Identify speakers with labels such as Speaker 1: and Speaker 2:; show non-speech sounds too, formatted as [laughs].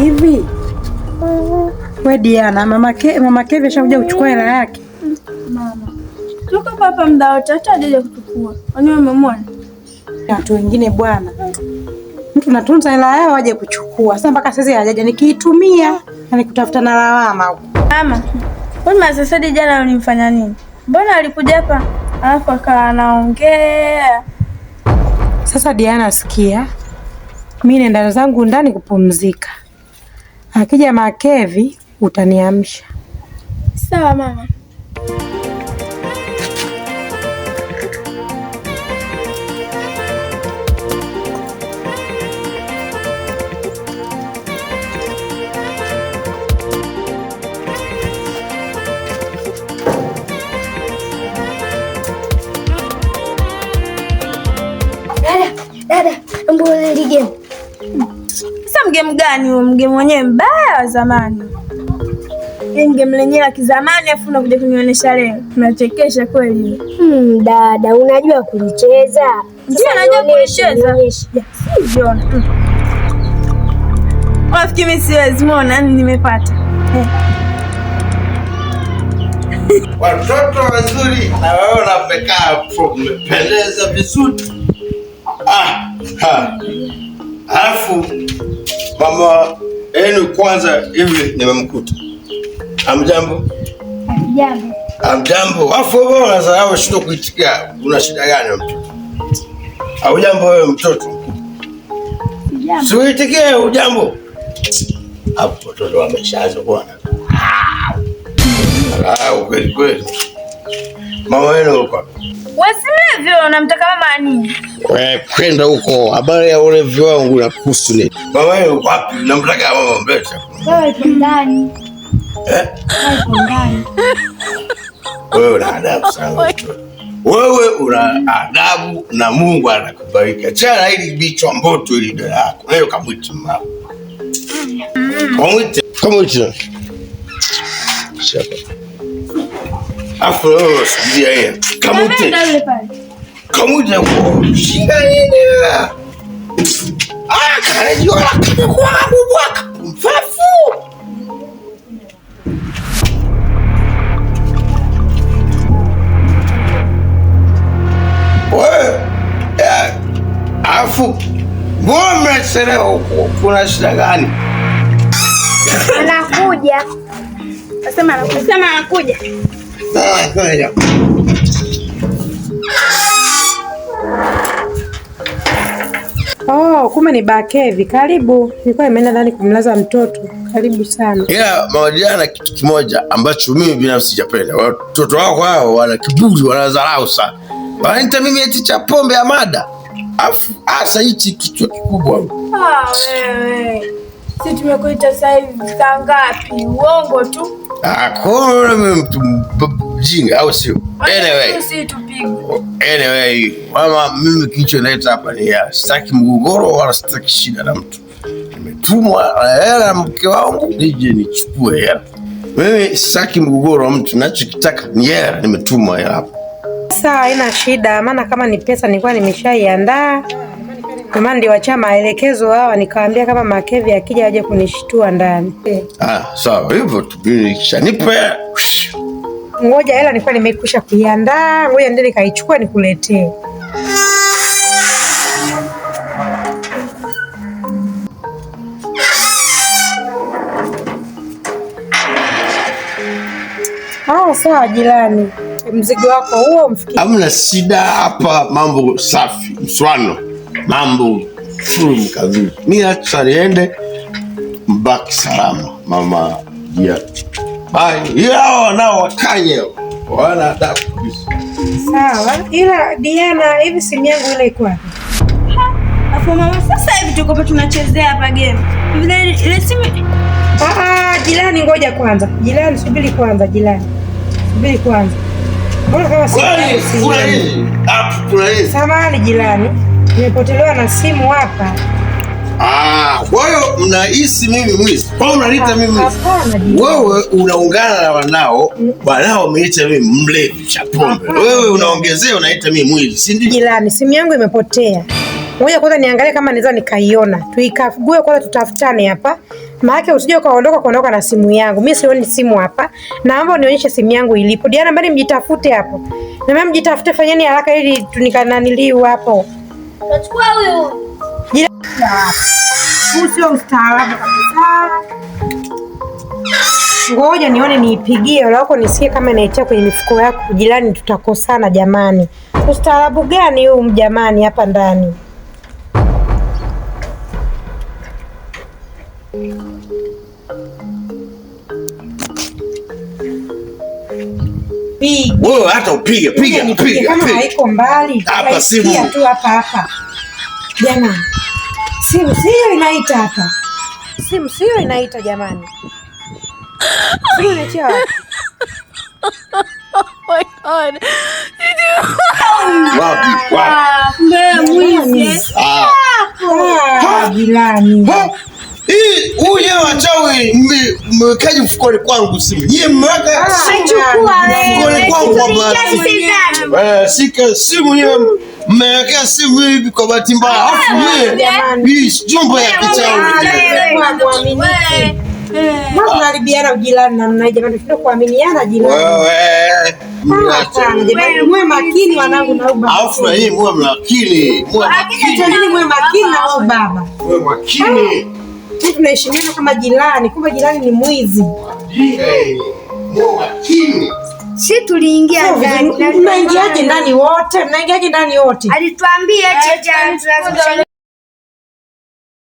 Speaker 1: hivi we Diana, mama Kevi mama Kevi ashakuja kuchukua hela yake.
Speaker 2: Mama Tuko hapa muda wote, hata ajaje kuchukua. Wani wamemwona
Speaker 1: watu wengine bwana, mtu natunza hela yao aje kuchukua. Sasa mpaka sasa hajaja, nikiitumia nikutafuta na lawama huko.
Speaker 2: Mama huyu Masesedi jana ulimfanya nini? Mbona alikuja hapa alafu akawa anaongea?
Speaker 1: Sasa Diana, sikia, mi nenda zangu ndani kupumzika Akija Makevi utaniamsha.
Speaker 2: Sawa mama.
Speaker 3: Dada, dada, mbona ligeni?
Speaker 2: mgemu gani huo? Mgemu mwenyewe mbaya wa zamani, hii mgemu lenyewe la kizamani, afu unakuja kunionyesha leo. Unachekesha kweli.
Speaker 3: Hmm, dada unajua kulicheza?
Speaker 2: Ndio, najua kulicheza. Sivyo rafiki, hmm. mimi siwezi muona yaani nimepata eh.
Speaker 4: [laughs] watoto wazuri na wewe unapekaa hapo, umependeza vizuri. Ah, ha. Alafu kwamba yenu kwanza hivi nimemkuta. Amjambo?
Speaker 2: Amjambo.
Speaker 4: Amjambo. Afu wewe unasahau shida kuitikia. Una shida gani mtu? Au jambo wewe mtoto? Jambo. Siuitikie ujambo. Hapo mtoto ameshaanza kuona. Ah, kweli kweli. Mama yenu uko.
Speaker 2: Wesimlevyo namtaka mama nini?
Speaker 4: Wewe kwenda huko. Habari ya ule viwangu na kuhusu nini? Mama yenu wapi? Namtaka mama mbesha.
Speaker 2: Wewe ndani. Eh? Wewe
Speaker 4: ndani. Wewe una adabu sana. Wewe una adabu na Mungu anakubariki. Achana hili bichwa mboto hili dada yako. Wewe kamwite mama. Kamwite. Kamwite. Shaka. Afu, sikia yeye. Kamute. Kamute kwa shida nini wewe? Ah, kanajua kama kwa mbwa mfafu. Wewe, eh, afu mbona mmechelewa huko? Kuna shida gani?
Speaker 2: Anakuja. Nasema anakuja. Nasema anakuja. Ah,
Speaker 1: Oh, kumbe ni Bakevi. Karibu, nilikuwa nimeenda ndani kumlaza mtoto. Karibu sana.
Speaker 4: Ila na kitu kimoja ambacho mimi binafsi sijapenda, watoto wako hao wana kiburi, wanadharau sana, wanaita mimi eti cha pombe ya mada, afu hasa hichi kichwa kikubwa.
Speaker 2: Ah, wewe sisi tumekuita sasa saa ngapi? Uongo tu.
Speaker 4: Ah, kwa mtu mjinga au sio? Anyway. Anyway, mama, mimi kicho kilichonileta hapa ni ya ah, sitaki mgogoro wala sitaki shida na mtu. Nimetumwa na hela mke wangu nije nichukue hela. Mimi sitaki mgogoro wa mtu, nachokitaka ni hela, nimetumwa hela hapa.
Speaker 1: Sasa haina shida, maana kama ni pesa nilikuwa nimeshaiandaa kama ndio wacha maelekezo hawa, nikawaambia kama Makevi akija aje kunishtua ndani.
Speaker 4: Ah, sawa hivyo tu, nipe
Speaker 1: ngoja hela nilikuwa nimekwisha kuiandaa, ngoja ndio nikaichukua nikuletee. Ah, sawa jirani, mzigo wako huo umfikie.
Speaker 4: Hamna shida hapa, mambo safi, mswano mambo mkazi. Mimi acha niende mbaki salama mama ya hao wana adabu kabisa.
Speaker 1: Sawa, ila Diana, hivi simu yangu ile iko wapi?
Speaker 2: Afu mama, sasa hivi tuko hapa tunachezea hapa game. Ile simu
Speaker 1: ah, ah jirani, ngoja kwanza. Jirani, subiri kwanza, jirani, subiri kwanza. Mbona kama simu? Samahani jirani, nimepotelewa na simu hapa
Speaker 4: Ah, kwa hiyo mnahisi mimi mwizi? Kwa unaniita mimi wewe, unaungana na wanao wanao, wameita mimi mlevi cha pombe, wewe unaongezea, unaita mimi mwizi,
Speaker 1: si ndio? Jirani, simu yangu imepotea. Ngoja kwanza niangalie kama naweza nikaiona, tuikague kwanza, tutafutane hapa maana usije ukaondoka kuondoka na simu yangu. Mimi sioni simu hapa, naomba unionyeshe simu yangu ilipo. Diana, mbali mjitafute hapo, na mimi mjitafute, fanyeni haraka ili tunikananiliu hapo.
Speaker 2: Tachukua huyu unakuja
Speaker 1: wapi? Huu sio ustaarabu kabisa. Ngoja nione niipigie wala huko nisikie kama inaitia kwenye mifuko yako. Jirani, tutakosana jamani. Ustaarabu gani huu mjamani hapa ndani?
Speaker 4: Wewe hata upige piga piga piga. Kama
Speaker 1: haiko mbali. Hapa simu tu hapa hapa. Jamani. Simu sio inaita hapa, simu sio inaita jamani, simu wachawi [laughs]
Speaker 5: oh
Speaker 4: ah. ah. ah, mwekaji mfukoni kwangu simu mfukoni kwangu, sika eh, simu mmewekea simu hivi kwa bahati mbaya, alafu yeye ah, jumba ya
Speaker 1: kichawi Tunaharibiana ujirani namna hii makini yaani Sisi tunaheshimiana kama jirani, kumbe jirani ni mwizi.
Speaker 4: makini.
Speaker 2: Si tuliingia
Speaker 1: ndani. Mnaingiaje ndani wote? Mnaingiaje ndani wote?
Speaker 2: Alituambia eh,